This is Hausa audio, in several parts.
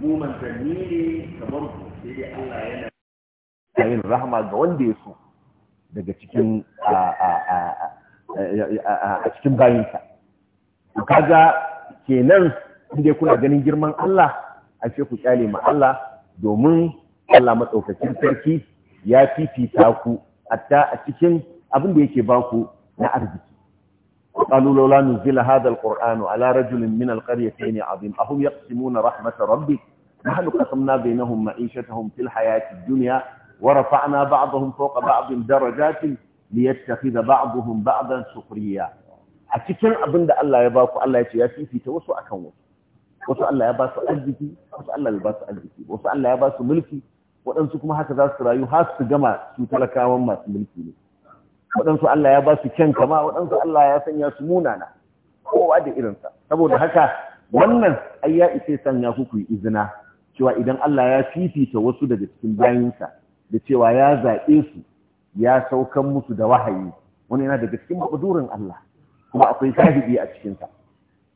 mu manzanni ne kamar sai dai Allah yana yin rahama ga wanda ya so daga cikin a cikin bayinsa kaga kenan inda kuna ganin girman Allah a ce ku kyale ma Allah domin Allah maɗaukacin sarki ya fifita ku hatta a cikin abin da yake baku na arziki وقالوا لولا نزل هذا القرآن على رجل من القريتين عظيم أهم يقسمون رحمة ربك نحن قسمنا بينهم معيشتهم في الحياة الدنيا ورفعنا بعضهم فوق بعض درجات ليتخذ بعضهم بعضا سخريا a cikin abin da Allah ya baku Allah ya ce ya fifita wasu akan wasu wasu Allah ya ba su arziki wasu Allah ya ba su wasu Allah ya ba mulki waɗansu kuma haka za su rayu har su gama su talakawan masu mulki ne waɗansu Allah ya ba su kyan kama waɗansu Allah ya sanya su munana kowa da irinsa saboda haka wannan ai ya san sanya ku yi izina cewa idan Allah ya fifita wasu daga cikin bayinsa da cewa ya zaɓe su ya saukan musu da wahayi wani yana daga cikin maƙudurin Allah kuma akwai shahidi a cikinsa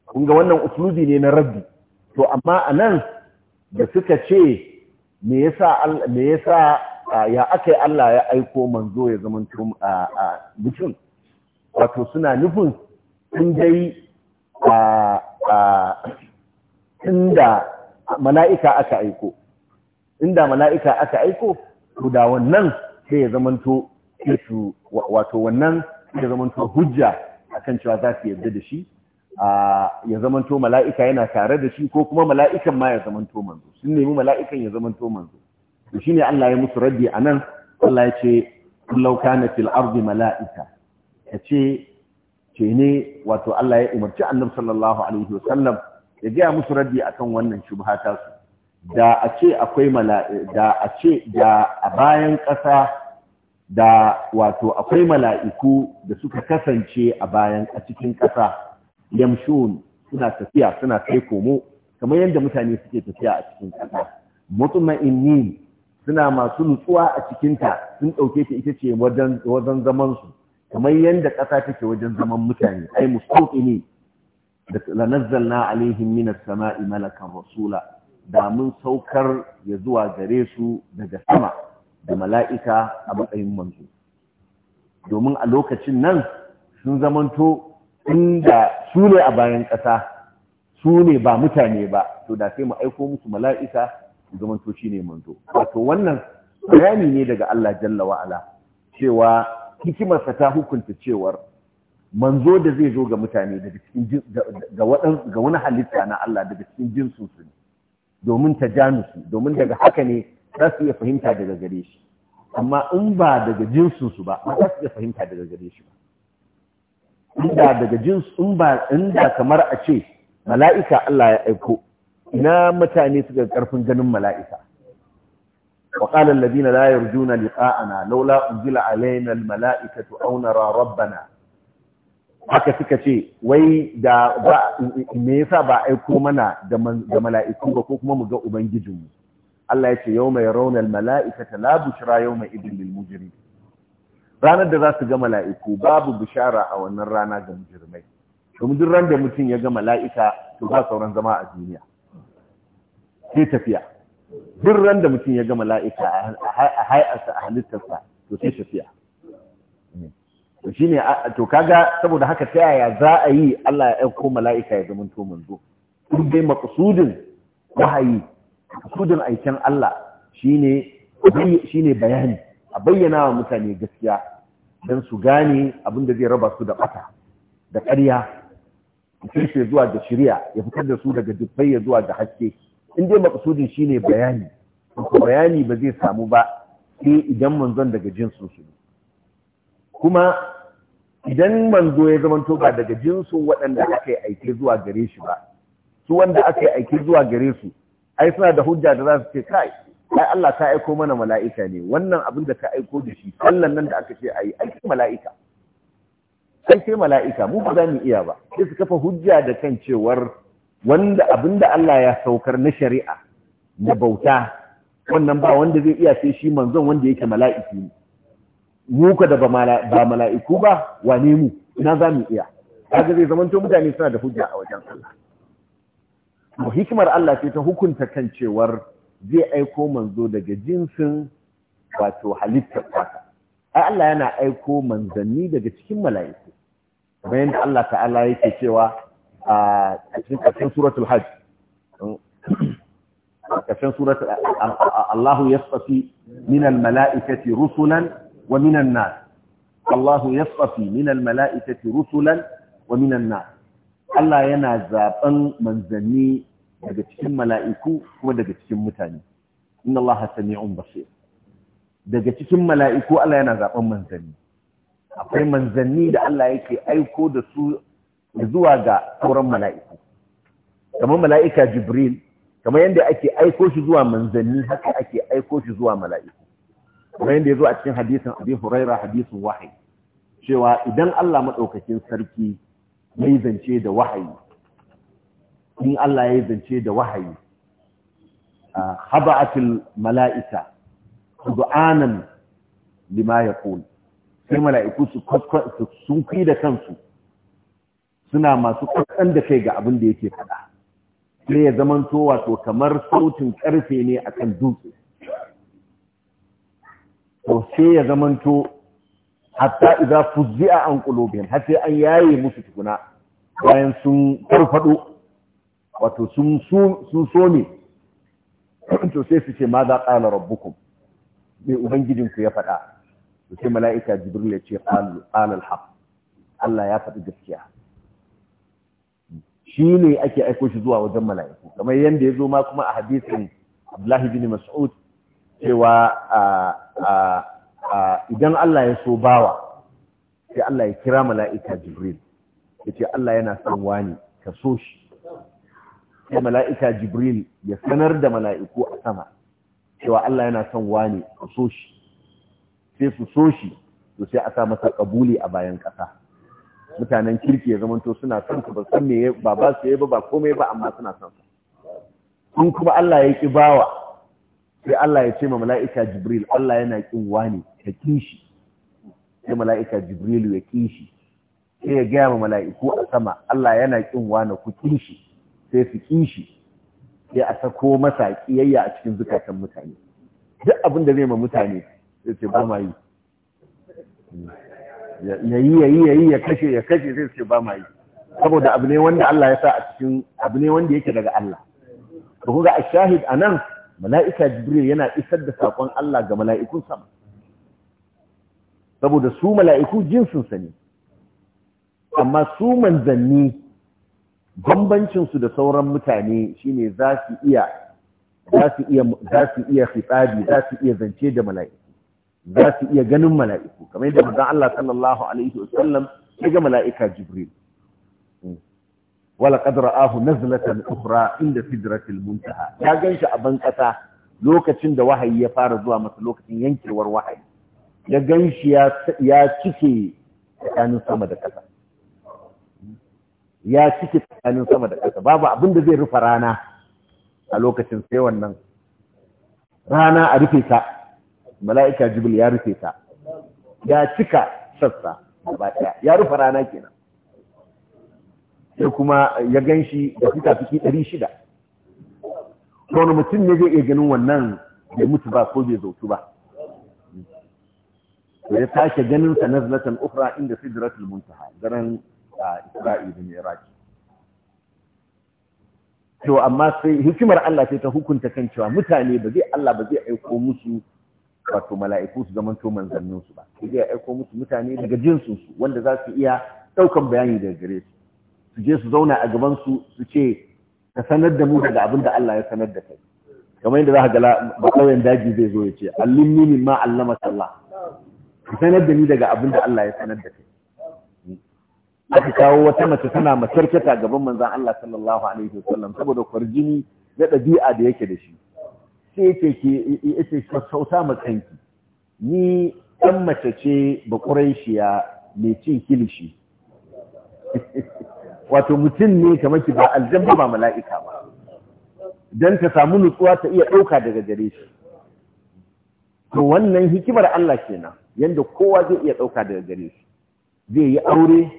kun ga wannan uslubi ne na rabbi to amma a nan da suka ce me yasa me yasa ya aka yi Allah ya aiko manzo ya zama mutum wato suna nufin sun dai inda mala'ika aka aiko inda mala'ika aka aiko to da wannan sai ya zamanto wato wannan ya zamanto hujja A kan cewa za su yarda da shi ya zamanto mala'ika yana tare da shi ko kuma mala'ikan ma ya zamanto manzo sun nemi mala'ikan ya zamanto manzo shi ne Allah ya musu raddi a nan Allah ya ce lauka na fil mala'ika ya ce ce ne wato Allah ya umarci annab sallallahu alaihi wasallam ya gaya musu raddi kan wannan shubha ta su da a ce akwai mala'i da a ce da a bayan ƙasa da wato akwai mala'iku da suka kasance a bayan a cikin ƙasa yamshun suna tafiya suna kai komo kamar yadda mutane suke tafiya a cikin ƙasa mutuma'innin suna masu nutsuwa a cikinta sun ɗauke ta ita ce wajen zamansu kamar yadda ƙasa take wajen zaman mutane ai musulki ne da lanazzalna alaihim minas sama'i malakan rasula da mun saukar ya zuwa gare su daga sama da mala'ika a matsayin manzo domin a lokacin nan sun zamanto inda su ne a bayan ƙasa su ne ba mutane ba to da sai mu aiko musu mala'ika zamanto ne manzo wato wannan bayani ne daga Allah jalla wa'ala? cewa hikimarsa ta hukunta cewar manzo da zai zo ga mutane daga cikin ga wadan ga wani halitta na Allah daga cikin jinsu su ne domin tajanusu domin daga haka ne za su iya fahimta daga gare shi amma in ba daga jinsu su ba ba za su iya fahimta daga gare shi ba inda daga jinsu in ba inda kamar a ce mala'ika Allah ya aiko ina mutane suka karfin ganin mala'ika wa qala alladhina la yarjuna liqa'ana laula unzila alaina almala'ikatu aw nara rabbana haka suka ce wai da me yasa ba aiko mana da mala'iku ba ko kuma mu ga ubangijinmu Allah ya ce yawma yarawna almala'ikata la bushra yawma idin lil ranar da za su ga mala'iku babu bishara a wannan rana ga mujrimai domin duk ran da mutum ya ga mala'ika to ba sauran zama a duniya sai tafiya duk ran da mutum ya ga mala'ika a hay'arsa a halittarsa to sai tafiya to ne to kaga saboda haka ta yaya za a yi Allah ya aiko mala'ika ya zama to manzo duk dai maqsudin wahayi maqsudin aikin Allah shine shine bayani a bayyana wa mutane gaskiya dan su gane abin da zai raba su da bata da ƙarya su zuwa da shari'a ya fitar da su daga dubbai ya zuwa da haske in dai shi shine bayani ko bayani ba zai samu ba sai idan manzon daga jinsin su kuma idan manzo ya zama ba daga jinsin waɗanda aka yi aike zuwa gare shi ba su wanda aka yi aike zuwa gare su ai suna da hujja da za su ce kai ai Allah ka aiko mana mala'ika ne wannan abin da ka aiko da shi sallan nan da aka ce ai ai mala'ika ai sai mala'ika mu ba za mu iya ba sai su kafa hujja da kan cewar wanda abinda Allah ya saukar na shari'a na bauta wannan ba wanda zai iya sai shi manzon wanda yake mala'iki ne mu ka da ba mala'iku ba wane mu ina za mu iya kaga zai zamanto mutane suna da hujja a wajen Allah hikimar Allah sai ta hukunta kan cewar zai aiko manzo daga jinsin wato halittar kwata ai Allah yana aiko manzanni daga cikin mala'iku bayan da Allah ta'ala yake cewa a cikin ƙarshen suratul hajj ƙarshen suratul Allahu yasfafi min al-mala'ikati rusulan wa min an-nas Allahu yasfafi min al-mala'ikati rusulan wa min an-nas Allah yana zaben manzanni daga cikin mala'iku kuma daga cikin mutane inna Allah sami'un basir daga cikin mala'iku Allah yana akwai manzanni da Allah yake aiko da su zuwa ga sauran mala'iku kamar mala'ika jibril kamar yadda ake aiko shi zuwa manzanni haka ake aiko shi zuwa mala'iku kamar yadda ya zo a cikin hadisun abin huraira hadisun wahayi cewa idan allah maɗaukakin sarki ya yi zance da wahayi in allah ya yi zance da wahayi haba'atul mala'ika du'anan lima yaqul sai mala'iku su sun da kansu suna masu kwatsan da kai ga abin da yake faɗa sai ya zamanto wato kamar sautin ƙarfe ne a kan dutse to sai ya zamanto hatta idza fuzzi'a an qulubihim har sai an yaye musu tukuna bayan sun farfado wato sun sun so ne to sai su ce ma za ƙala rabbukum ubangijin ubangijinku ya faɗa to sai mala'ika jibril ya ce qala al Allah ya faɗi gaskiya shi ne ake aiko shi zuwa wajen mala'iku kamar yadda ya zo ma kuma a hadisin Abdullahi bin Mas'ud cewa idan Allah ya so bawa sai Allah ya kira mala'ika Jibril ya ce Allah yana son wani ka so shi sai mala'ika Jibril ya sanar da mala'iku a sama cewa Allah yana son wani ka so shi sai su so shi to sai a sa masa ƙabuli a bayan ƙasa mutanen kirki ya zamanto suna son ka ba san me ba ba su ba ba komai ba amma suna son ka in kuma Allah ya ki bawa sai Allah ya ce ma mala'ika Jibril Allah yana kin wani ka kishi sai mala'ika Jibril ya kishi sai ya gaya ma mala'iku a sama Allah yana kin wani ku kishi sai su kishi sai a sako masa kiyayya a cikin zukatan mutane duk abin da zai ma mutane sai ce ba ma yi ya yi ya yi ya yi ya kashe ya kashe sai ce ba ma yi saboda abu ne wanda Allah ya sa a cikin abu ne wanda yake daga Allah to ga ashahid anan mala'ika jibril yana isar da sakon Allah ga mala'ikun sama saboda su mala'iku jinsin sa ne amma su manzanni bambancin su da sauran mutane shine za su iya za su iya za su iya khitabi za su iya zance da mala'iku za su iya ganin mala'iku kamar yadda manzon Allah sallallahu alaihi wasallam ya ga mala'ika Jibril wala na na nazlatan ukhra inda sidratul muntaha ya gan shi a ban kasa lokacin da wahayi ya fara zuwa masa lokacin yankewar wahayi ya ganshi ya ya cike tsakanin sama da ƙasa. ya cike tsakanin sama da ƙasa babu abin da zai rufa rana a lokacin sai wannan rana a rufe ta mala'ika jibil ya rufe ta ya cika sassa ba ɗaya ya rufe rana kenan sai kuma ya gan shi da fiki ɗari shida wani mutum ne zai iya ganin wannan bai mutu ba ko bai zautu ba to ya sake ganin sa nazlatan ukhra inda sidratul muntaha daren Isra'il da Iraki to amma sai hikimar Allah sai ta hukunta kan cewa mutane ba zai Allah ba zai aiko musu wato mala'iku su zaman to manzannin su ba sai ya aiko musu mutane daga jinsin su wanda za su iya daukan bayani daga gare su su je su zauna a gaban su su ce ka sanar da mu daga abin da Allah ya sanar da kai kamar yadda za ka ga ba kauyen daji zai zo ya ce allimni min ma allama sallah ka sanar da ni daga abin da Allah ya sanar da kai aka kawo wata mace tana matarkata gaban manzon Allah sallallahu alaihi wasallam saboda kwarjini na ɗabi'a da yake da shi sai yace ke yace sauta matsanki ni ɗan mace ce ba ƙuraishiya mai cin kilishi wato mutum ne kamar ki ba aljamba ba mala'ika ba don ta samu nutsuwa ta iya ɗauka daga gare shi to wannan hikimar Allah kenan yanda kowa zai iya ɗauka daga gare shi zai yi aure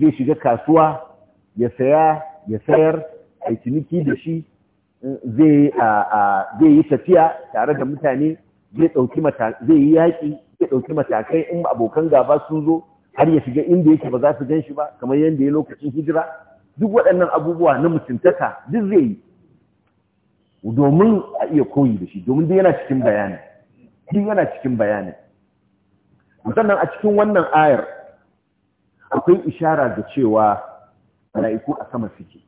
zai shiga kasuwa ya saya ya sayar a ciniki da shi zai yi tafiya tare da mutane zai yi yaƙi zai ɗauki matakai in abokan gaba sun zo har ya shiga inda yake ba za su gan shi ba kamar yadda ya lokacin hijira duk waɗannan abubuwa na mutuntaka duk zai yi domin a iya koyi da shi domin dai yana cikin bayani shi yana cikin bayani sannan a cikin wannan ayar akwai ishara da cewa mala'iku a sama suke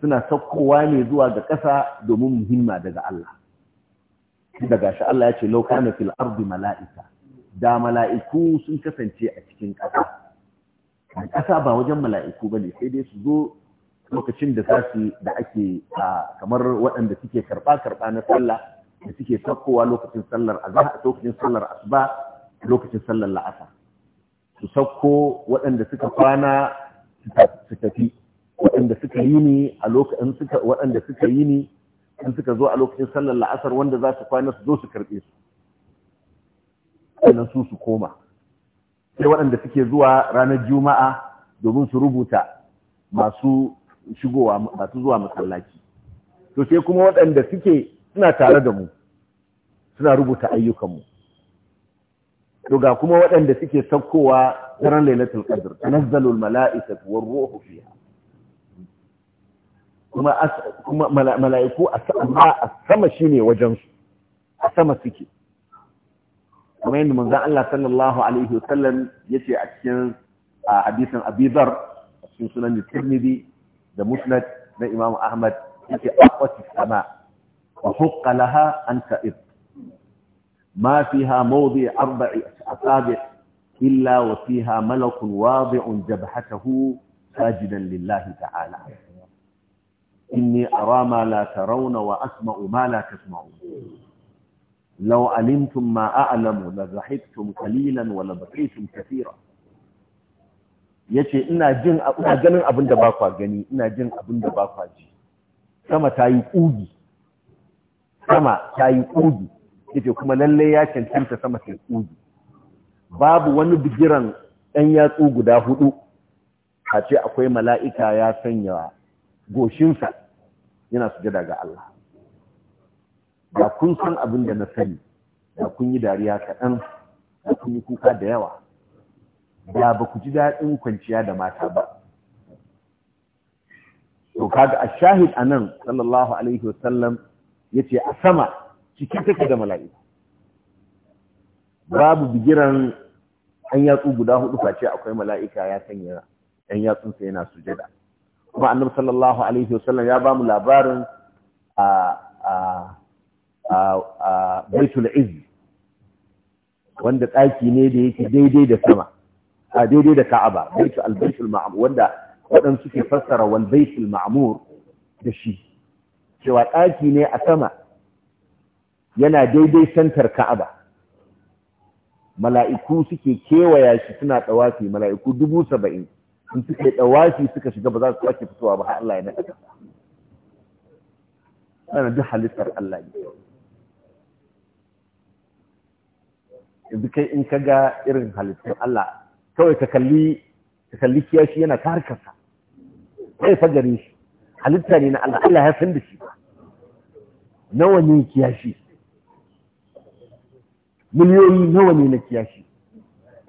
suna saukowa ne zuwa ga ƙasa domin muhimma daga Allah daga shi Allah ya ce law kana fil ardi mala'ika da mala'iku sun kasance a cikin ƙasa ƙasa ba wajen mala'iku ba ne, sai dai su zo lokacin da zasu da ake kamar waɗanda suke karɓa karɓa na sallah da suke saukowa lokacin sallar azhar lokacin sallar asuba lokacin sallar la'asa su sauko waɗanda suka kwana su tafi waɗanda suka yi ni a lokacin suka waɗanda suka yi ni in suka zo a lokacin sallar la'asar wanda za su kwana su zo su karɓe su sannan su su koma sai waɗanda suke zuwa ranar juma'a domin su rubuta masu shigowa masu zuwa masallaci to sai kuma waɗanda suke suna tare da mu suna rubuta ayyukanmu to ga kuma waɗanda suke saukowa daren lailatul qadr tanazzalul mala'ikatu war ruhu fiha kuma mala'iku a sama shi ne wajensu a sama suke kuma yadda manzan Allah sallallahu Alaihi wasallam ya ce a cikin hadisin abizar a cikin sunan tirmidhi da musnad na imam ahmad ya ce akwati sama wa hukka laha an ta'ib ma fiha mawdi arba'i asabi illa wa fiha malakun wadi'un jabhatahu sajidan lillahi ta'ala inni ara ma la tarawna wa asma'u ma la tasma'u law alimtum ma a'lamu la zahiktum qalilan wa la baqitum yace ina jin ina ganin abin da ba kwa gani ina jin abin da ba kwa ji sama ta yi kugi sama ta yi kugi yace kuma lalle ya cancanta sama ta yi kugi babu wani bigiran ɗan yatsu guda hudu a ce akwai mala'ika ya sanya goshinsa yana sujada ga Allah da kun san abin da na sani da kun yi dariya kaɗan da kun yi kuka da yawa da ba ku ji daɗin kwanciya da mata ba to kaga a shahid a nan sallallahu alaihi wasallam ya ce a sama cikin take da mala'iku babu bigiran an yatsu guda hudu face akwai mala'ika ya sanya ɗan yatsunsa yana sujada kuma annabi sallallahu alaihi wasallam ya ba mu labarin a a baitul izz wanda ɗaki ne da yake daidai da sama a daidai da ka'aba baitul albaitul ma'mur wanda waɗansu suke fassara wal baitul ma'mur da shi cewa ɗaki ne a sama yana daidai santar ka'aba mala'iku suke kewaya shi suna tsawafi mala'iku dubu saba'in in suka yi ɗawafi suka shiga ba za su sake fitowa ba har Allah ya naɗa ana duk halittar Allah ne yanzu kai in ka ga irin halittar Allah kawai ka kalli ka kalli kiyashi yana ta harkarsa kai fa gare shi halitta ne na Allah Allah ya san da shi ba nawa ne kiyashi miliyoyi nawa ne na kiyashi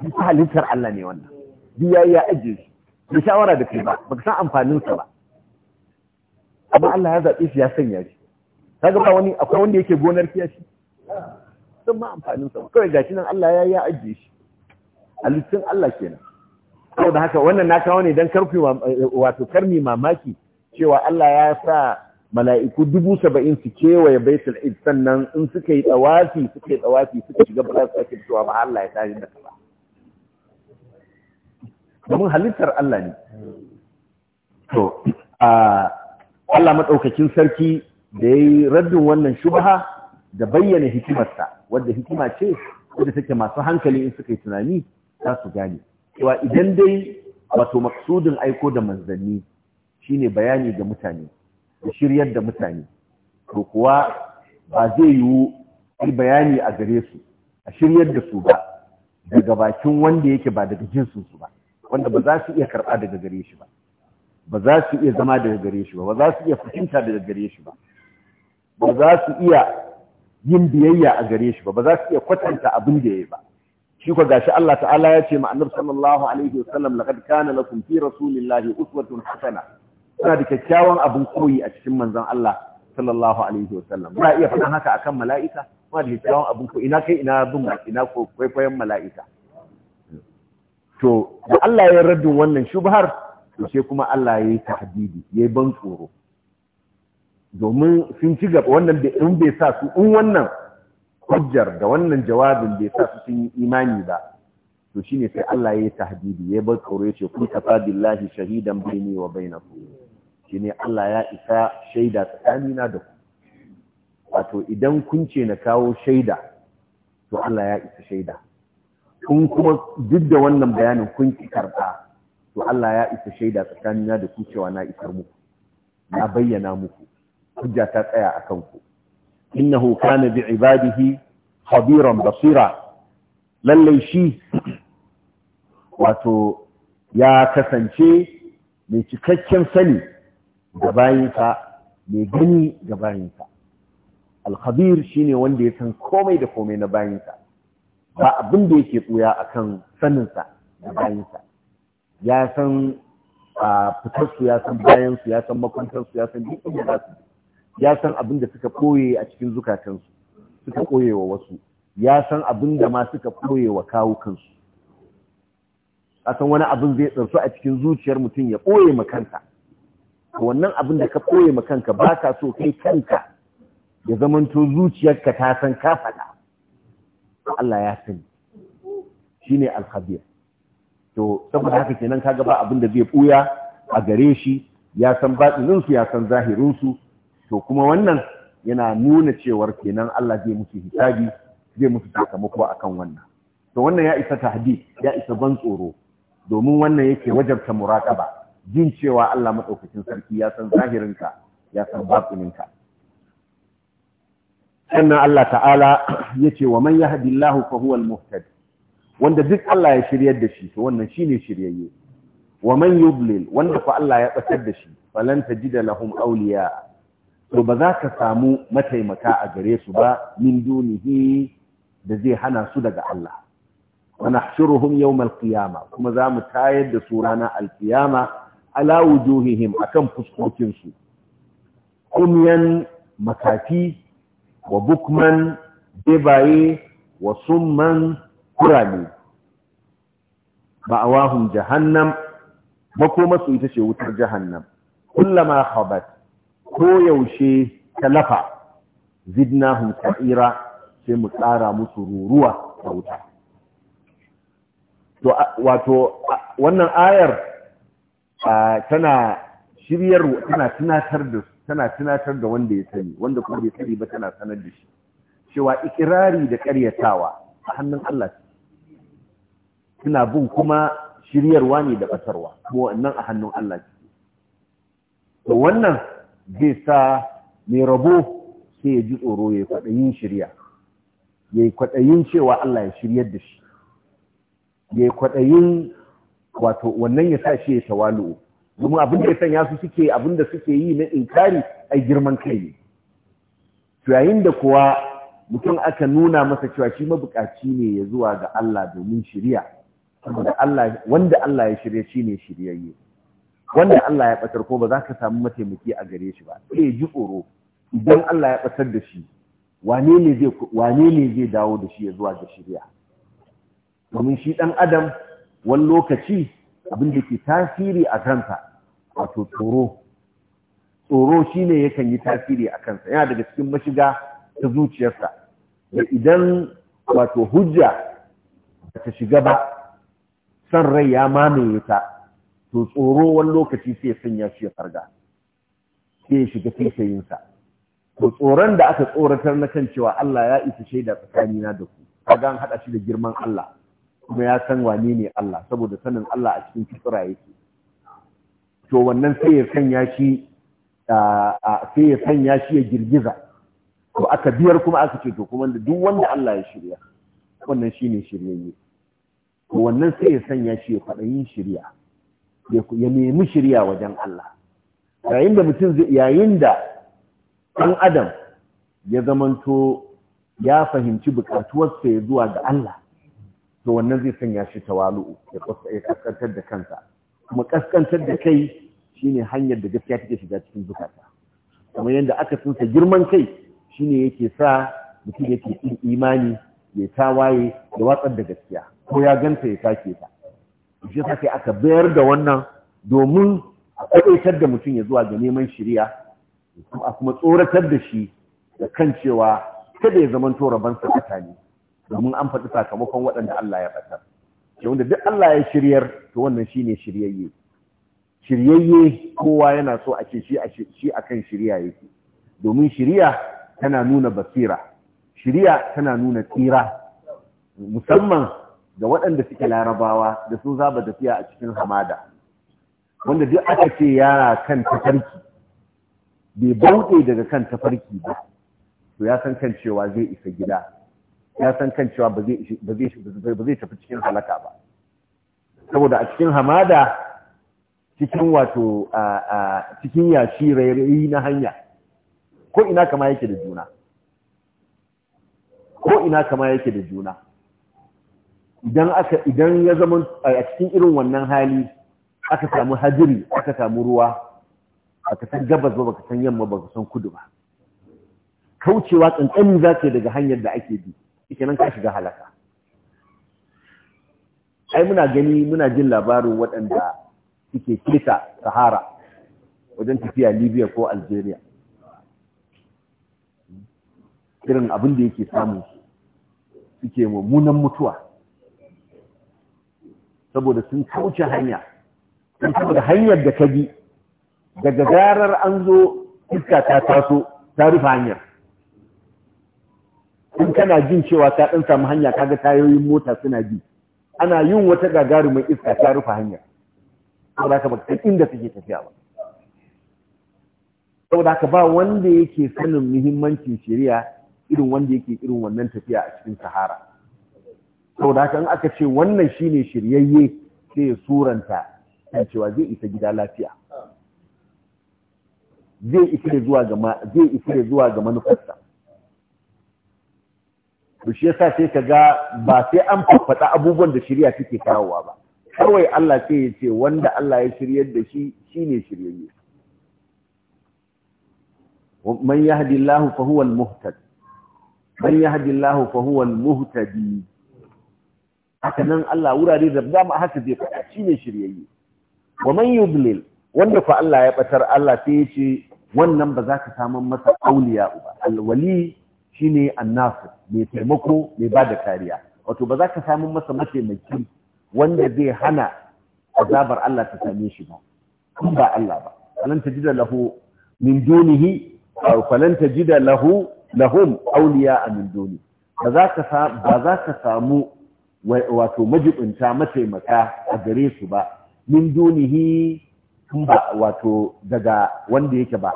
duk halittar Allah ne wannan duk ya ajiye shi da shawara da kai ba ba ka san amfaninsa ba amma Allah ya zaɓe shi ya sanya shi kaga ba wani akwai wanda yake gonar kiyashi sun ma amfaninsa ba kawai gashi nan Allah ya ya ajiye shi halittun Allah kenan saboda haka wannan na kawo ne don karfi wato karmi mamaki cewa Allah ya sa mala'iku dubu saba'in su kewaye baitul id sannan in suka yi tsawafi suka yi tsawafi suka shiga ba za su ake fitowa ba Allah ya tashi da ba domin halittar Allah ne to Allah maɗaukakin sarki da ya yi raddin wannan shubaha da bayyana hikimarsa wanda hikima ce wanda take masu hankali in suka yi tunani za su gane cewa idan dai wato maksudin aiko da manzanni shine bayani ga mutane da shiryar da mutane to kuwa ba zai yiwu yi bayani a gare su a shiryar da su ba daga bakin wanda yake ba daga su ba wanda ba za su iya karɓa daga gare shi ba ba za su iya zama daga gare shi ba ba za su iya fahimta daga gare shi ba ba za su iya yin biyayya a gare shi ba ba za su iya kwatanta abin da yayi ba shi ko gashi Allah ta'ala ya ce ma annabi sallallahu alaihi wa wasallam laqad kana lakum fi rasulillahi uswatun hasana kana da kyakkyawan abin koyi a cikin manzon Allah sallallahu alaihi wa sallam. ba iya faɗan haka akan mala'ika ba da kyakkyawan abin koyi ina kai ina bin ina kwaikwayon mala'ika to da Allah ya raddin wannan shubhar to sai kuma Allah ya yi tahdidi ya yi ban tsoro domin sun ci gaba wannan da in bai sa su in wannan hujjar da wannan jawabin bai sa su sun yi imani ba to shine sai Allah ya yi tahdidi ya bar tsoro ya ce kun kafa billahi shahidan baini wa bainakum shine Allah ya isa shaida tsakanina da ku wato idan kun ce na kawo shaida to Allah ya isa shaida Kun kuma duk da wannan bayanin kun ki karɓa to Allah ya isa shaida tsakanina da ku cewa na isar muku na bayyana muku hujja ta tsaya a kanku innahu kana bi ibadihi khabiran basira lallai shi wato ya kasance mai cikakken sani ga bayinsa mai gani ga bayinsa shi shine wanda ya san komai da komai na bayinsa ba abin da yake tsoya kan saninsa da bayansa ya san fitarsu ya san bayansu ya san makwantarsu ya san duk inda su ya san abin da suka ɓoye a cikin zukatansu suka ɓoye wa wasu ya san abin da ma suka ɓoye wa kawo kansu a san wani abin zai tsarsu a cikin zuciyar mutum ya ɓoye ma kanka wannan abin da ka ɓoye ma kanka ba ka so kai kanka ya zamanto zuciyarka ta san ka faɗa Allah ya sani shine ne khabir to saboda haka kenan kaga ba abin da zai buya a gare shi ya san batinin su ya san zahirin su to kuma wannan yana nuna cewar kenan Allah zai musu hisabi zai musu sakamako akan wannan to wannan ya isa tahdid ya isa ban tsoro domin wannan yake ta muraqaba jin cewa Allah madaukakin sarki ya san zahirinka ya san batininka sannan Allah ta'ala ya ce wa man yahdi Allah fa muhtad wanda duk Allah ya shiryar da shi to wannan ne shiryayye wa man yublil wanda fa Allah ya ɓatar da shi falan tajida lahum auliya to ba za ka samu mataimaka a gare su ba min dunihi da zai hana su daga Allah wa nahshuruhum yawm al-qiyamah kuma za mu tayar da su ranar al-qiyama ala wujuhihim akan fuskokin su kumyan makafi wa bukman bebaye wa summan a wahun jahannam masu ita ce wutar jahannam kullama khabat ko yaushe talafa zidnahum sa'ira sai mu tsara musu ruruwa da wuta to wato wannan ayar tana shiryar tana tunatar da su tana tunatar da wanda ya sani wanda kuma bai sani ba tana sanar da shi cewa ikirari da karyatawa a hannun Allah suna bin kuma shiryarwa ne da batarwa kuma wannan a hannun Allah to wannan zai sa mai rabo sai ya ji tsoro ya kwaɗayin shirya ya yi kwaɗayin cewa Allah ya shiryar da shi ya yi kwaɗayin wato wannan ya sa shi ya tawalu'u domin abin da ya sanya su suke abin da suke yi na inkari a girman kai ne to da kuwa mutum aka nuna masa cewa shi mabukaci ne ya zuwa ga Allah domin shiriya wanda Allah ya shirye shi ne shiryayye wanda Allah ya batar ko ba za ka samu mataimaki a gare shi ba sai ji tsoro idan Allah ya batar da shi wane ne zai dawo da shi ya zuwa ga shirya? domin shi dan adam wani lokaci abin da ke tasiri a kansa wato tsoro tsoro shi ne yakan yi tasiri a kansa yana daga cikin mashiga ta zuciyarsa da idan wato hujja ta shiga ba san rai ya mamaye ta to tsoro wani lokaci sai sanya shi ya farga sai ya shiga taitayinsa to tsoron da aka tsoratar na kan cewa Allah ya isa shaida tsakanina da ku kaga an haɗa shi da girman Allah kuma ya san wane ne Allah saboda sanin Allah a cikin kitsura yake to wannan sai ya sanya shi sai ya sanya shi ya girgiza to aka biyar kuma aka ce to kuma duk wanda Allah ya shirya wannan shine shiryayye to wannan sai ya sanya shi ya yin shirya ya nemi shirya wajen Allah yayin da mutum yayin da ɗan adam ya zamanto ya fahimci bukatuwarsa ya zuwa ga Allah to wannan zai sanya shi tawalu'u ya kaskantar da kansa kuma kaskantar da kai shine hanyar da gaskiya take shiga cikin zukata kamar yadda aka tsinsa girman kai shine yake sa mutum yake kin imani ya tawaye ya watsar da gaskiya ko ya ganta ya sake ta shi sa sai aka bayar da wannan domin a kwaɗaitar da mutum ya zuwa ga neman shirya a kuma tsoratar da shi da kan cewa kada ya zama to rabon domin an faɗi sakamakon waɗanda Allah ya ɓatar wanda duk Allah ya shiryar to wannan shi ne shiryayye shiryayye kowa yana so a ce shi a kan akan yake domin shirya tana nuna basira shirya tana nuna tsira musamman ga waɗanda suke larabawa da sun zaba tafiya a cikin hamada wanda duk aka ce yara kan tafarki bai bauɗe daga kan tafarki ba to ya san kan cewa zai isa gida ya san kan cewa ba zai tafi cikin halaka ba saboda a cikin hamada cikin wato cikin yashi rairayi na hanya ko ina kama yake da juna ko ina kama yake da juna idan aka idan ya zama a cikin irin wannan hali aka samu hajiri aka samu ruwa aka san gabas ba baka san yamma baka san kudu ba kaucewa tsantsani za daga hanyar da ake bi nan ka shiga halaka ai muna gani muna jin labarin waɗanda suke kirka sahara wajen tafiya libya ko algeria irin abin da yake samu suke mummunan mutuwa saboda sun kauce hanya sun saboda hanyar da ta bi daga zarar an zo iska ta taso ta rufe hanyar in kana jin cewa ka ɗan samu hanya kaga tayoyin mota suna bi ana yin wata gagarumin iska ta rufe hanya za haka baka san inda suke tafiya ba saboda haka ba wanda yake sanin muhimmancin shari'a irin wanda yake irin wannan tafiya a cikin sahara saboda haka in aka ce wannan shine shiryayye sai ya suranta kan cewa zai isa gida lafiya zai isa zuwa ga zai isa zuwa ga manufarsa to shi yasa sai ka ga ba sai an faɗa abubuwan da shirya take kawowa ba kawai Allah sai ya ce wanda Allah ya shiryar da shi shine shiryayye man yahdillahu fa huwa al-muhtad man yahdillahu fa huwa al-muhtadi haka nan Allah wurare da mu haka zai faɗa shine shiryayye wa man yudlil wanda fa Allah ya batar Allah sai ya ce wannan ba za ka samu masa auliya ba alwali shine annasir mai taimako mai ba da kariya wato ba za ka samu masa mataimaki wanda zai hana azabar Allah ta same shi ba In ba Allah ba falan tajida lahu min dunihi aw falan tajida lahu lahum awliya min duni ba za ka ba za ka samu wato majibinta mataimaka a gare su ba min dunihi kun ba wato daga wanda yake ba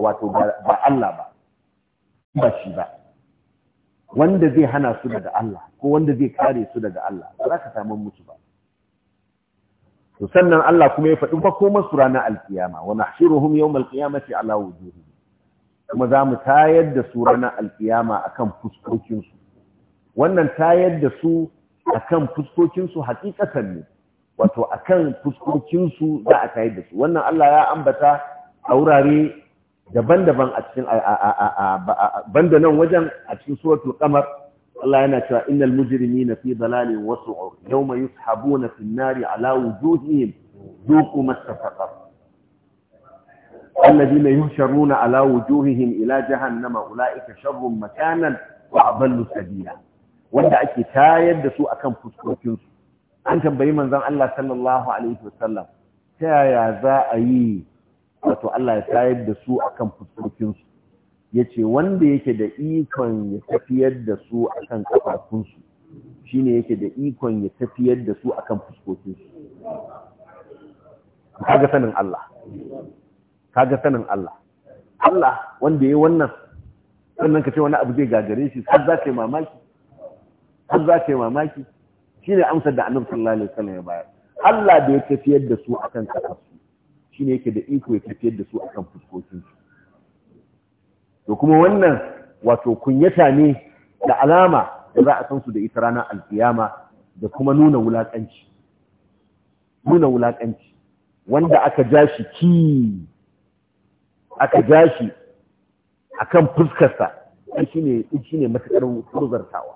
wato ba Allah ba ba shi ba wanda zai hana su daga Allah ko wanda zai kare su daga Allah ba za ka samu musu ba to sannan Allah kuma ya faɗi fa koma masu ranar alkiyama wa nahshuruhum yawm alqiyamati ala wujuhi kuma za mu tayar da su ranar alkiyama akan fuskokin su wannan tayar da su akan fuskokin su hakikatan ne wato akan fuskokin su za a tayar da su wannan Allah ya ambata a wurare daban-daban a cikin banda nan wajen a cikin suratul kamar Allah yana cewa innal mujrimina fi dalalin wasu'ur yawma yushabuna fin nari ala wujuhihim dhuqu masfaqar alladhina yuhsharuna ala wujuhihim ila jahannama ulaika sharrun makanan wa adallu sabila wanda ake tayar da su akan fuskokin su an tambayi manzon Allah sallallahu alaihi wasallam ta yaya za a yi wato Allah ya tayar da su akan fuskokinsu ya ce wanda yake da ikon ya tafiyar da su akan kafafunsu shine yake da ikon ya tafiyar da su akan fuskokinsu kaga sanin Allah kaga sanin Allah Allah wanda yayi wannan sannan ka ce wani abu zai gagare shi har za ka yi mamaki har za ka yi mamaki shine amsar da Annabi sallallahu alaihi wasallam ya bayar Allah da ya tafiyar da su akan kafafunsu shine yake da iko ya tafiyar da su akan fuskokin su to kuma wannan wato kunyata ne da alama da za a san su da ita ranar alkiyama da kuma nuna wulakanci nuna wulakanci wanda aka ja shi ki aka ja shi akan fuskarsa shi shine matakar kurzartawa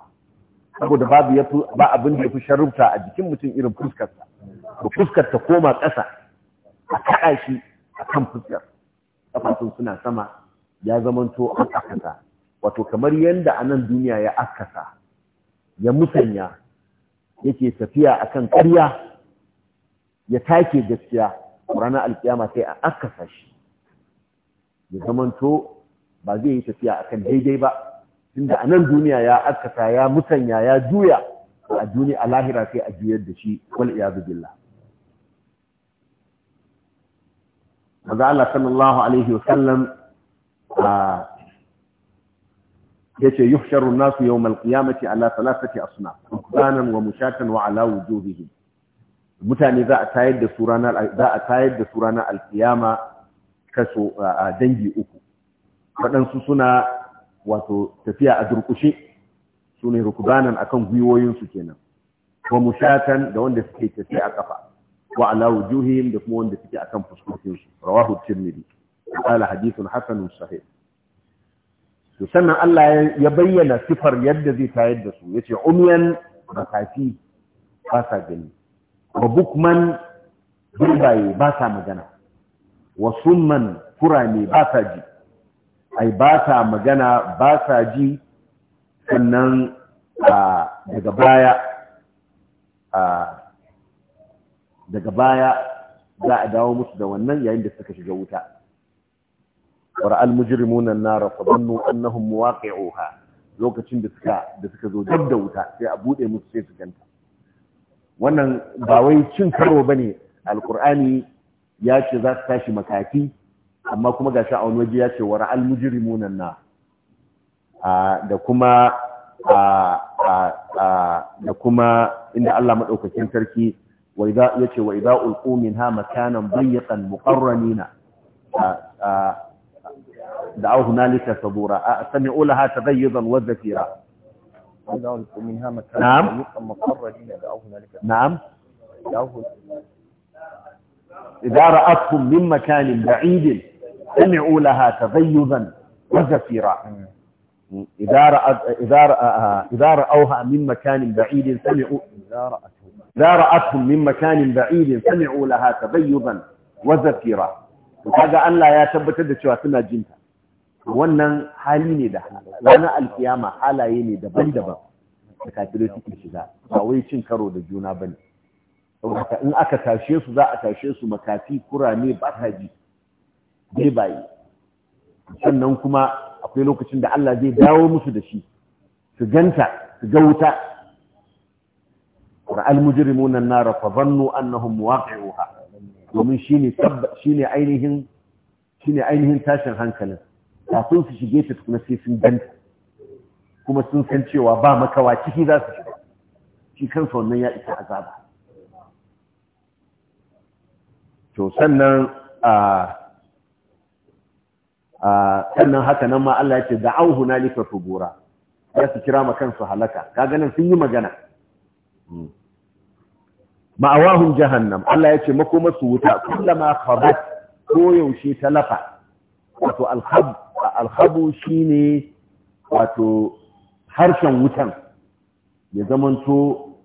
saboda babu ba abin da ya fi sharubta a jikin mutum irin fuskarsa ba fuskarta koma ƙasa a kaɗa shi a kan fuskar ƙafafun suna sama ya zamanto an akasa wato kamar yadda a nan duniya ya akasa ya musanya yake tafiya a kan ƙarya ya take gaskiya ranar alkiyama sai a akasa shi ya zamanto ba zai yi tafiya a kan daidai ba tunda a nan duniya ya akasa ya musanya ya juya a duniya a lahira sai a juyar da shi wal iyadu billah maza Allah sallallahu alaihi wasallam ya ce yi sharrun nasu yau malkiyamaci ala talatati asuna kusanan wa mushatan wa ala wujuhihim mutane za a tayar da suranar ranar za a alkiyama kaso a dangi uku waɗansu suna wato tafiya a durƙushe su ne rukudanan akan gwiwoyinsu kenan wa mushatan da wanda suke tafiya a kafa wa ala wujuhihim da kuma wanda suke akan fuskokin su rawahu tirmidhi qala hadithun hasanun sahih to sannan Allah ya bayyana sifar yadda zai tayar da su yace umyan makafi ba sa gani wa bukman gurbaye ba sa magana wa summan kurame ba sa ji ai ba sa magana ba sa ji sannan daga baya daga baya za a dawo musu da wannan yayin da suka shiga wuta wara almujrimuna an-nara fa annahum muwaqi'uha lokacin da suka da suka zo dab da wuta sai a bude musu sai su ganta wannan ba wai cin karo bane alqur'ani ya ce za su tashi makafi amma kuma ga a wani waje ya ce wara almujrimuna an da kuma da kuma inda Allah madaukakin sarki وإذا يتي وإذا ألقوا منها مكانا ضيقا مقرنين آه، آه، دعوا هنالك صبورا آه، سمعوا لها تغيظا وزفيرا وإذا ألقوا منها مكانا نعم. ضيقا مقرنين دعوا هنالك نعم إذا رأتهم من مكان بعيد سمعوا لها تغيظا وزفيرا إذا رأت إذا رأ... إذا رأوها من مكان بعيد سمعوا إذا رأتهم za ra'atuhum min makanin ba'idin sami'u laha tabayyuban wa zafira kaga Allah ya tabbatar da cewa suna jinta wannan hali ne da ranar alkiyama halaye ne daban-daban da kafirai suke shiga ba wai cin karo da juna bane saboda in aka tashe su za a tashe su makafi kurame ba ta bai bai sannan kuma akwai lokacin da Allah zai dawo musu da shi su ganta su ga wuta ra'al mujrimuna an-nar fa dhannu annahum waqi'uha domin shine shine ainihin shine ainihin tashin hankalin kafin su shige ta kuma sai sun ganta kuma sun san cewa ba makawa ciki za su shiga shi kansa wannan ya isa azaba to sannan a sannan haka nan ma Allah ya ce da'au hunalika subura ya su kira ma kansu halaka kaga nan sun yi magana hmm. ma'awahun jahannam Allah ya ce mako masu wuta ma khabat ko yaushe ta lafa wato alhabu. alhabu ne wato harshen wutan ya zamanto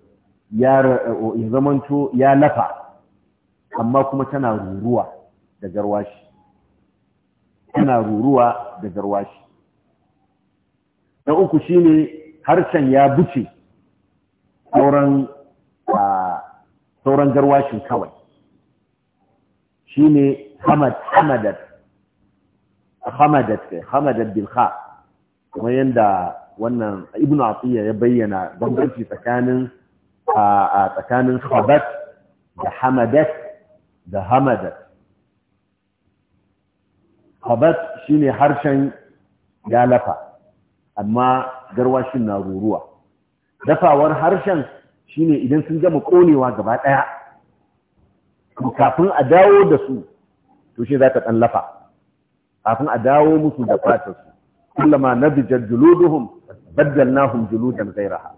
ya lafa amma kuma tana ruruwa da garwashi tana ruruwa da garwashi na uku shi ne harshen ya buce sauran sauran garwashin kawai shi ne hamadat hamadat kai hamadat bilha kuma yadda wannan ibn atiyya ya bayyana bambanci tsakanin a tsakanin habat da hamadat da hamadat habat shine harshen ya lafa amma garwashin na ruruwa dafawar harshen Shi ne idan sun gama ƙonewa gaba ɗaya kafin a dawo da su to shi za ta ɗan lafa kafin a dawo musu da fatarsu kullama nabijat juluduhum baddalnahum juludan ghayraha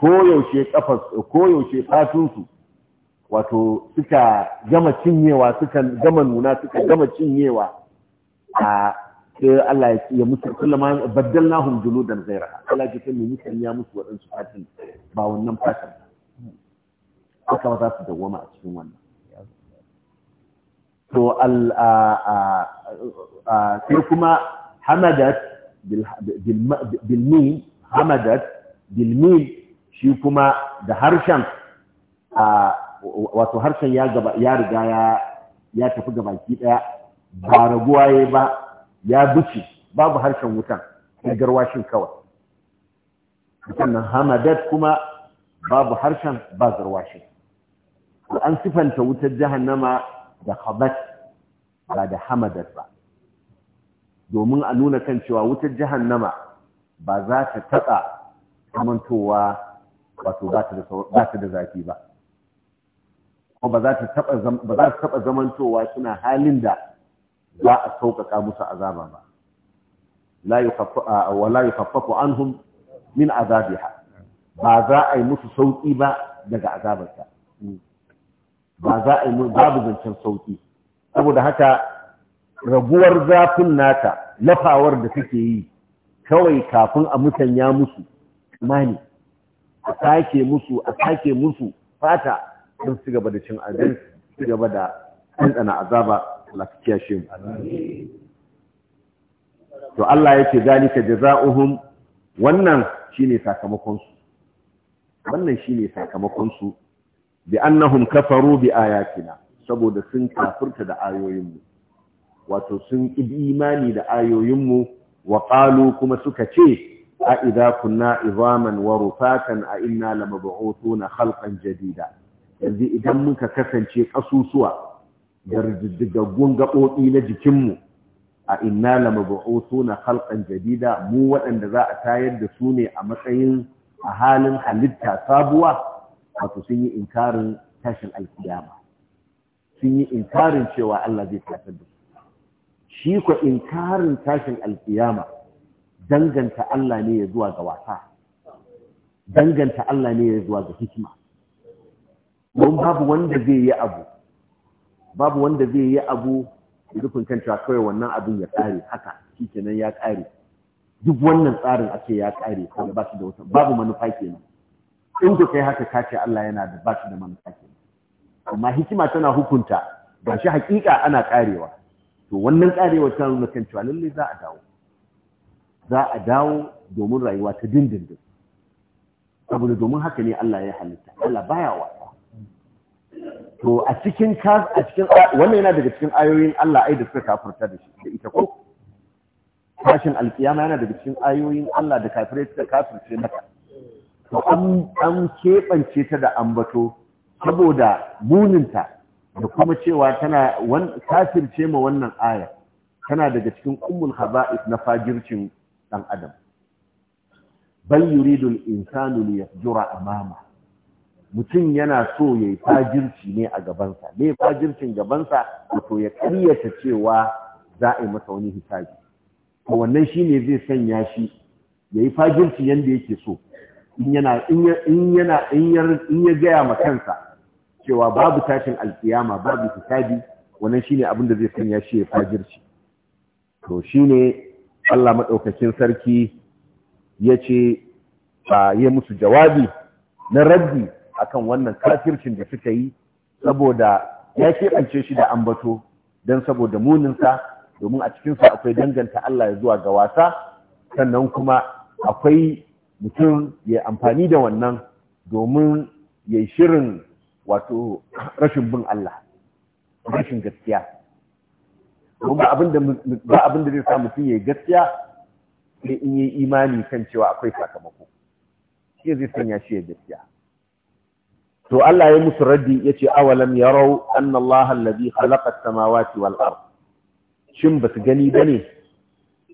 ko yaushe kafas ko yaushe fatunsu wato suka gama cinyewa suka gama nuna suka gama cinyewa a sai Allah ya musu kullama baddalnahum juludan ghayraha Allah ya kai mu ya musu waɗansu fatin ba wannan fatin haka ba za su dawwama a cikin wannan to al sai kuma hamadat bil mim hamadat bil mim shi kuma da harshen wato harshen ya riga ya tafi gabaki daya ba raguwa ba ya bice babu harshen wutan ya garwashin kawai sannan hamadat kuma babu harshen ba garwashin an sifanta wutar jahannama da habat ba da hamadat ba domin a nuna kan cewa wutar jahannama ba za ta taɓa kamantowa wato ba ta da zafi ba ko ba za ta taɓa zamantowa suna halin da za a sauƙaƙa musu azaba ba wala yi an hun min ha. ba za a yi musu sauƙi ba daga azabarta ba za a yi babu zancen sauƙi saboda haka raguwar zafin nata lafawar da suke yi kawai kafin a musanya musu mani a sake musu a sake musu fata don su gaba da cin adalci su gaba da ɗanɗana azaba Allah ka to Allah ya zalika jazaohum wannan shine sakamakon su wannan shine sakamakon su bi annahum kafaru bi ayatina saboda sun kafirta da ayoyinmu wato sun ƙi imani da ayoyinmu wa ƙalu kuma suka ce a idza kunna izaman wa rufatan a inna lamab'uthuna khalqan jadida yanzu idan muka kasance kasusuwa da rididdigaggun gaɓoɓi na jikinmu a inna la mabu'utu na halkan jadida mu waɗanda za a tayar da su ne a matsayin a halin halitta sabuwa wato sun yi inkarin tashin alkiyama sun yi inkarin cewa Allah zai tasar da su shi ko inkarin tashin alkiyama danganta Allah ne ya zuwa ga wasa danganta Allah ne ya zuwa ga hikima don babu wanda zai yi abu babu wanda zai yi abu dukkan kan cewa kawai wannan abin ya ƙare haka shi kenan ya ƙare duk wannan tsarin ake ya ƙare kuma ba shi da wata babu manufa kenan in ku kai haka kace Allah yana da ba shi da manufa kenan amma hikima tana hukunta ba shi hakika ana karewa to wannan karewa ta nuna kan cewa lalle za a dawo za a dawo domin rayuwa ta dindindin saboda domin haka ne Allah ya halitta Allah baya waya to a cikin kas a cikin wannan yana daga cikin ayoyin Allah ai da suka kafirta da shi da ita ko tashin alkiyama yana daga cikin ayoyin Allah da kafirai suka kafirce maka to an an kebance ta da ambato saboda buninta da kuma cewa tana wan kafirce ma wannan aya tana daga cikin ummul haba'is na fajircin dan adam bal yuridu al-insanu liyafjura amama mutum yana so ya yi fajirci ne a gabansa ne fajircin gabansa to ya karyata cewa za a yi masa wani hisabi to wannan shi ne zai sanya shi ya yi fajirci yadda yake so in yana in ya gaya ma kansa cewa babu tashin alkiyama babu hisabi wannan shine abin da zai sanya shi ya fajirci to shi ne Allah maɗaukacin sarki ya ce ba ya musu jawabi na rabbi akan wannan kafircin da suka yi saboda ya keɓance shi da ambato don saboda muninsa domin a cikinsa akwai danganta Allah ya zuwa ga wasa sannan kuma akwai mutum ya amfani da wannan domin ya yi shirin wato rashin bin Allah rashin gaskiya ba abin da zai sa mutum ya yi gaskiya sai in yi imani kan cewa akwai sakamako shi zai sanya shi ya gaskiya to Allah ya musu raddi ya ce awalam yarau anna Allah alladhi khalaqa samawati wal ard shin basu gani bane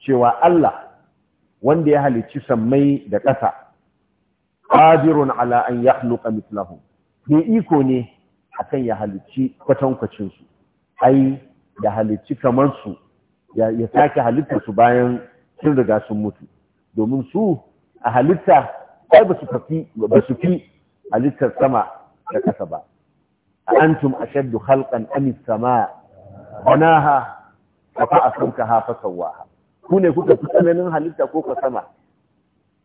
cewa Allah wanda ya halicci sammai da ƙasa qadirun ala an yakhluqa mithlahu bai iko ne akan ya halicci kwatankwacin su ai da halici kamar su ya sake halittarsu su bayan sun riga sun mutu domin su a halitta ai ba su fi halittar sama Da kasa ba a antum ashaddu khalqan am as-samaa banaha fa fa'asamkaha fa sawaha ku ne kuka fi tsananin halitta ko ka sama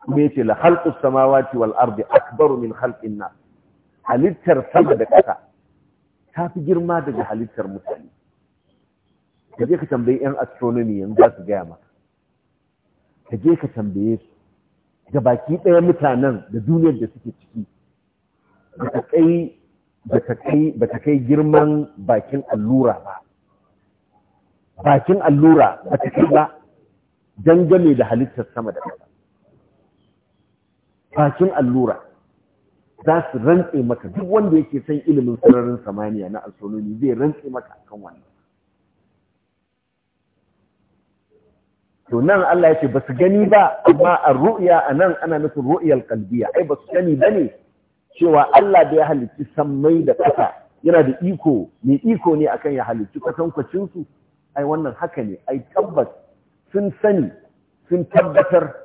kuma yace la khalqus samawati wal ardi akbaru min khalqin halittar sama da kasa ta fi girma daga halittar mutane ka je ka tambayi 'yan astronomy yanzu za su gaya maka ka je ka tambaye su ga baki ɗaya mutanen da duniyar da suke ciki ba ta kai girman bakin allura ba bakin allura ba ta kai ba dangane da halittar sama da ƙasa bakin allura za su rantse maka duk wanda yake son ilimin sararin samaniya na astronomy zai rantse maka akan wannan to nan Allah ya ce ba su gani ba amma a ru'ya a nan ana nufin ru'yar kalbiya ai ba su gani ba ne cewa Allah da ya halicci sammai da ƙasa yana da iko mai iko ne akan ya halicci kwatankwacin su ai wannan haka ne ai tabbas sun sani sun tabbatar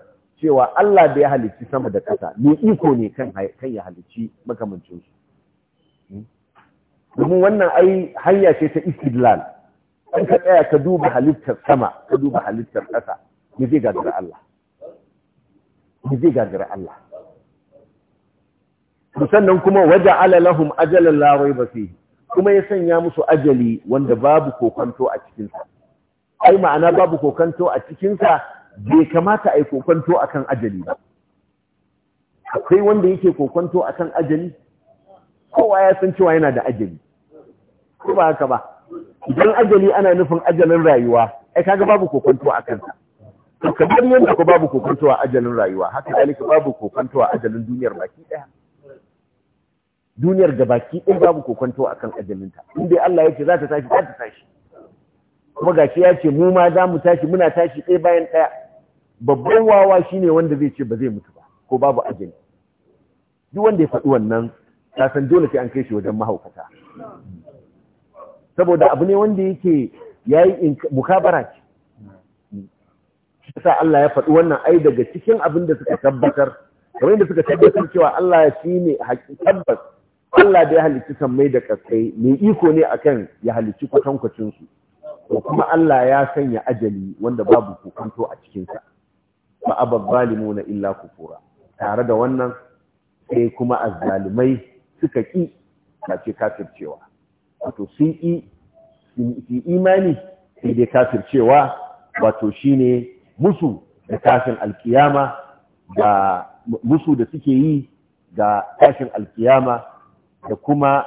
cewa Allah da ya halicci sama da ƙasa mai iko ne kan ya halicci makamancin su hmm? domin wannan ai hanya ce ta istidlal an ka tsaya ka duba halittar sama ka duba halittar ƙasa me zai gagara Allah me zai gagara Allah sannan kuma waja'ala alalahum ajalan la rayba fihi kuma ya sanya musu ajali wanda babu kokanto a cikin sa ai ma'ana babu kokanto a cikin sa bai kamata ai kokanto akan ajali ba akwai wanda yake kokanto akan ajali kowa ya san cewa yana da ajali ko ba haka ba idan ajali ana nufin ajalin rayuwa ai kaga babu kokanto akan sa to kamar yadda ko babu kokanto a ajalin rayuwa haka dalika babu kokanto a ajalin duniyar baki daya duniyar da baki in babu kokonto a kan ajalinta in dai Allah ya ce za ta tashi za ta tashi kuma shi ya ce mu ma za mu tashi muna tashi ɗaya bayan ɗaya babban wawa shine wanda zai ce ba zai mutu ba ko babu ajali duk wanda ya faɗi wannan ta san dole sai an kai shi wajen mahaukata saboda abu ne wanda yake yayi mukabara ce sa Allah ya faɗi wannan ai daga cikin abin da suka tabbatar kamar yadda suka tabbatar cewa Allah ya ne haƙi tabbas Allah da ya halicci mai da kaskai mai iko ne akan ya halicci kwatankwacin su ko kuma Allah ya sanya ajali wanda babu kokanto a cikin sa fa abad zalimuna illa kufura tare da wannan sai kuma azzalimai suka ki kace kafircewa wato sun ki sun imani sai dai kafircewa wato shine musu da tashin alkiyama da musu da suke yi ga tashin alkiyama da kuma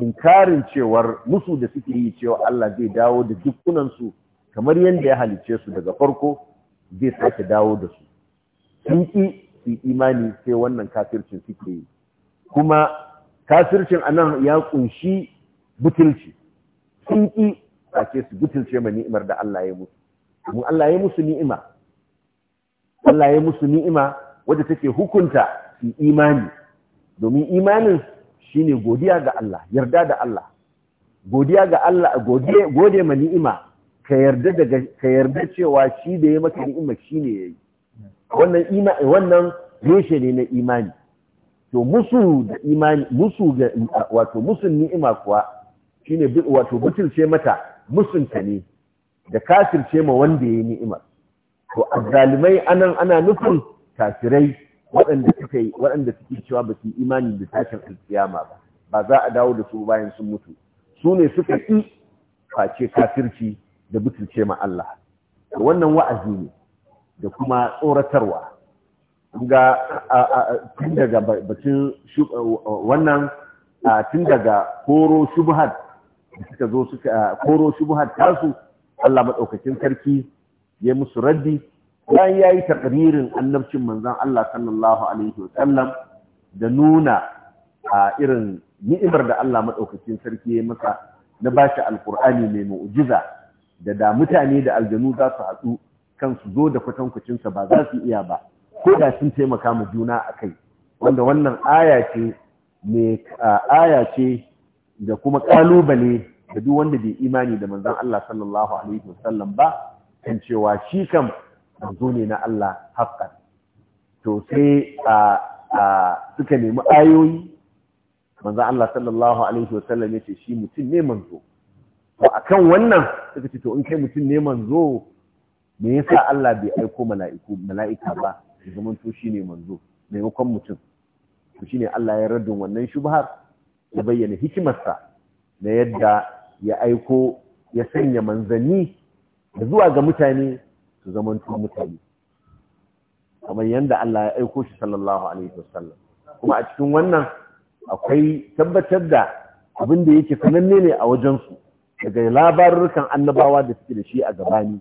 inkarin cewar musu da suke yi cewa Allah zai dawo da dukkunansu kamar yadda ya halice su daga farko zai sake dawo da su sun ƙi su imani sai wannan kafircin suke yi kuma kafircin anan ya ƙunshi butulci sun ƙi sake su butulce ma ni'imar da Allah ya musu mun Allah ya musu ni'ima Allah ya musu ni'ima wadda take hukunta su imani domin imanin shine godiya ga Allah yarda da Allah godiya ga Allah gode gode ma ni'ima ka yarda daga ka yarda cewa shi da ya maka ni'ima shine yayi wannan ima wannan reshe ne na imani to musu da imani musu ga wato musun ni'ima kuwa shine wato ce mata ta ne da ce ma wanda yayi ni'ima to azzalimai anan ana nufin kafirai waɗanda suka yi waɗanda suke cewa ba su yi imani da tashin alkiyama ba ba za a dawo da su bayan sun mutu su ne suka ƙi face kafirci da butulce ma Allah wannan wa'azi ne da kuma tsoratarwa ga tun daga batun wannan tun daga koro shubhat suka zo suka koro shubhat tasu Allah madaukakin sarki ya musu raddi bayan ya yi takririn annabcin manzan Allah sallallahu alaihi wasallam da nuna a irin ni'imar da Allah maɗaukacin sarki ya masa na bashi shi mai mu'ujiza da da mutane da aljanu za su haɗu kan su zo da kwatankwacinsa ba za su iya ba ko da sun taimaka mu juna a kai wanda wannan aya ce mai aya ce da kuma ƙalubale da duk wanda bai imani da manzon Allah sallallahu alaihi wasallam ba kan cewa shi kam manzo ne na Allah haqqan to sai a suka nemi ayoyi manzo Allah sallallahu alaihi wasallam yace shi mutum ne manzo to akan wannan suka ce to in kai mutum ne manzo me yasa Allah bai aiko mala'ika ba zaman to shine manzo maimakon mutum to shine Allah ya raddin wannan shubhar ya bayyana hikimarsa na yadda ya aiko ya sanya manzanni da zuwa ga mutane su zaman tun mutane kamar yadda Allah ya aiko shi sallallahu alaihi wasallam kuma a cikin wannan akwai tabbatar da abin da yake sananne ne a wajensu daga labarurkan annabawa da suke da shi a gabani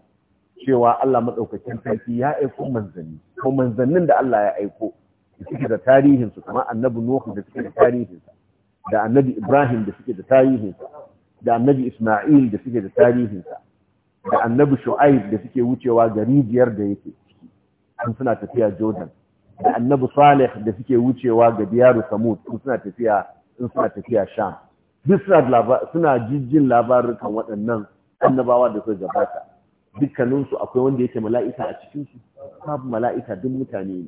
cewa Allah maɗaukakin sarki ya aiko manzanni ko manzannin da Allah ya aiko da suke da tarihinsu kamar annabi Nuhu da suke da tarihinsa da annabi Ibrahim da suke da tarihinsa da annabi Isma'il da suke da tarihinsa da annabi shu'aib da suke wucewa gari biyar da yake ciki suna tafiya jordan da annabi salih da suke wucewa ga diyaru samud sun suna tafiya sun suna tafiya sham duk suna suna jijjin labarukan waɗannan annabawa da suka gabata dukkaninsu akwai wanda yake mala'ika a cikinsu babu mala'ika duk mutane ne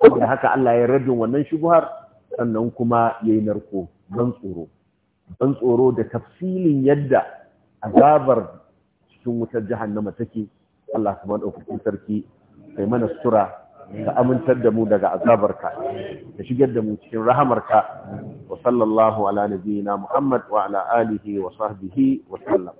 saboda haka Allah ya rajin wannan shubuhar sannan kuma yayi narko ban tsoro ban tsoro da tafsilin yadda azabar cikin wutar jahannama take Allah subhanahu wa sarki kai mana sutura ka amintar da mu daga azabarka ka shigar da mu cikin rahamarka wa sallallahu ala nabiyyina muhammad wa ala alihi wa sahbihi wa sallam